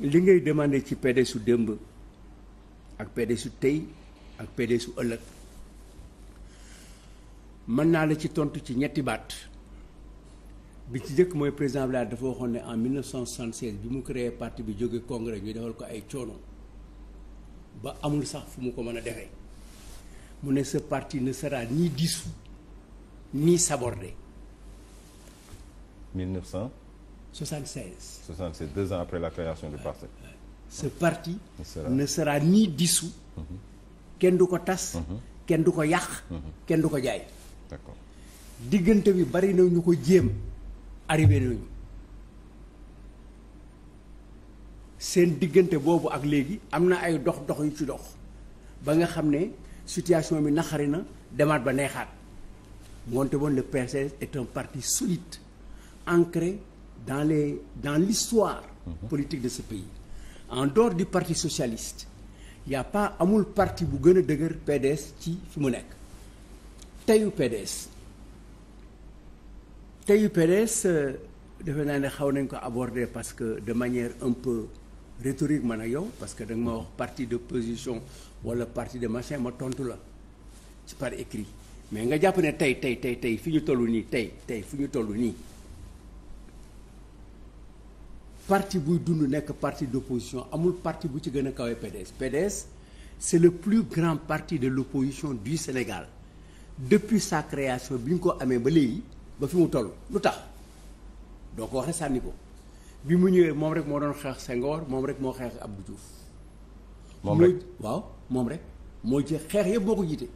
li ngay demandé ci PDSu démb ak PDSu tey ak PDSu ëllëg mën naa la ci tontu ci ñetti baat bi ci njëkk mooy président Wade dafa waxoon ne en 1976 bi mu créé parti bi jóge congrès ñuy defal ko ay coono ba amul sax fu mu ko mën a defee mu ne ce parti ne sera ni dissous ni sabordé. 1900. 76. 76 deux ans après la création du parti. ce parti sera... ne sera ni mm-hmm. kenn du ko tas. Mm-hmm. kenn du ko yàq. Mm-hmm. kenn du ko jaay. d'accord diggante bi bari na ñu ko jéem arrivé nañu seen diggante boobu ak léegi am na ay dox dox yu ci dox ba nga xam ne situation bi naxari na demaat ba neexaat moonte woon le PCS est un parti solide ancré. dans les dans l'histoire politique de ce pays en dehors du partie socialiste y a pas amul partie bu gën a dëgër PDS ci fi mu nekk teyu PDS teyu PDS euh, defe naa ne xaw nañ ko aborder parce que de manière un peu rhétorique man ak yow parce que da nga ma wax parti d'opposition wala parti de machin ma tontu la ci par écrit mais nga jàpp ne tey tey tey tey fi ñu tollu nii tey tey fi ñu toll nii parti buy dund nekk parti d'opposition amul parti bu ci gën a kawe PDS PDS c'est le plus grand parti de l'opposition du Sénégal depuis sa création bi ñu ko amee ba léegi ba fi mu toll lu tax doo ko wax sànni ko bi mu ñëwee moom rek moo doon xeex Senghor moom rek moo xeex Abdou juuf moom rek waaw moom rek moo ci xeex yëpp boo ko jiite.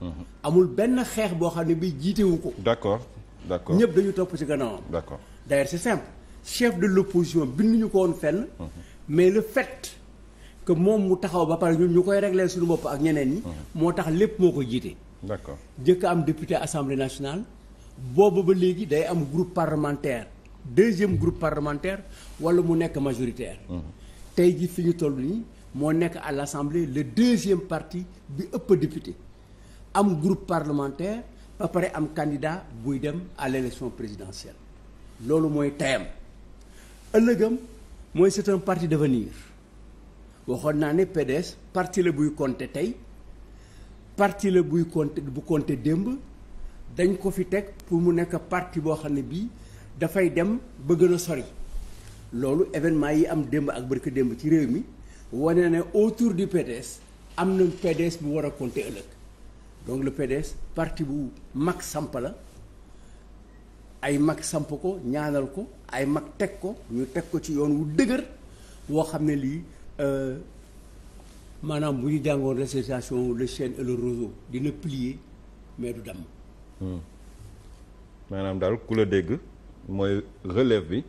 Mhm. amul benn xeex boo xam ne bi jiitewu ko. d'accord d'accord ñëpp dañu topp ci gannaawam. d'accord d'ailleurs c'est simple. chef de l'opposition binduñu ko woon fenn mais le fait que moom mu taxaw ba pare ñun ñu koy régler suñu bopp ak ñeneen yi moo tax lépp moo ko jiite d'accord jëkk am député assemblée nationale boobu ba léegi day am groupe parlementaire deuxième groupe parlementaire wala mu nekk majoritaire mmh. tey ji fi ñu toll nii moo nekk à l'assemblée le deuxième parti bi ëpp député am groupe parlementaire ba pare am candidat buy dem à l'élection présidentielle loolu mooy tayam ëllëgam mooy c'est un parti d'avenir waxoon naa ne PDS parti la buy compter tey parti la buy compter bu compter démb dañ ko fi teg pour mu nekk partie boo xam ne bii dafay dem bëgg na a sori loolu événement yi am démb ak barka démb ci réew mi wane ne autour du PDS am na PDS bu war a compter ëllëg donc le PDS partie bu mag samp la ay mag samp ko ñaanal ko ay mag teg ko ñu teg ko ci yoon wu dëgër woo xam ne lii euh, maanaam bu ñu jàngoon l'association le chêne et le roseau dina plier mais du damm. Hmm. maanaam daal ku la dégg mooy relève bi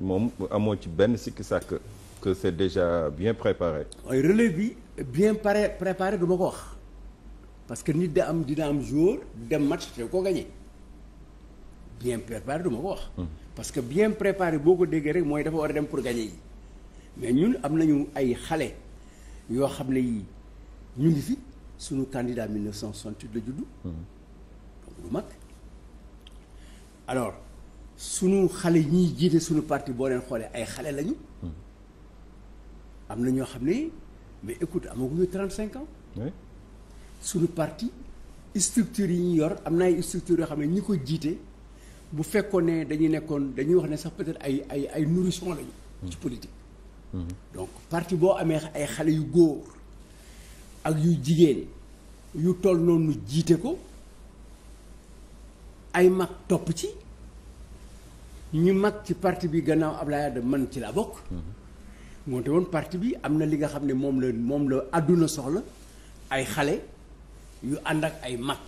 moom amoon ci benn sikki sàkk que c'est déjà bien préparé. waaye relève bi bien pare préparé du ma ko wax parce que nit di am dina am jour dem match te ko gagné. bien préparé du ko wax. parce que bien préparé boo ko déggee rek mooy dafa war a dem pour gagner yi mais ñun am nañu ay xale yoo xam ne yii ñu ngi fi suñu candidat 1968 la judd. donc lu mag. alors sunu xale ñiy jiite suñu parti boo leen xoolee ay xale lañu. am na ñoo xam ne mais écoute amaguñu 35 ans. oui suñu parti structures yi ñu yor am na ay structures yoo xam ne ñi ko jiite. bu fekkoon ne dañuy nekkoon dañuy wax ne sax peut-être ay ay ay nourrisson lañu. Mm-hmm. ci politique. Mm-hmm. donc parti boo amee ay xale yu góor ak yu jigéen yu toll noonu jiite ko ay mag topp ci ñu mag ci parti bi gannaaw Ablaye Wade man ci laa bokk. Mm-hmm. moonte woon parti bi am na li nga xam ne moom la moom la àdduna soxla ay xale yu ànd ak ay mag.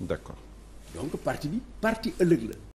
d'accord donc parti bi parti ëllëg la.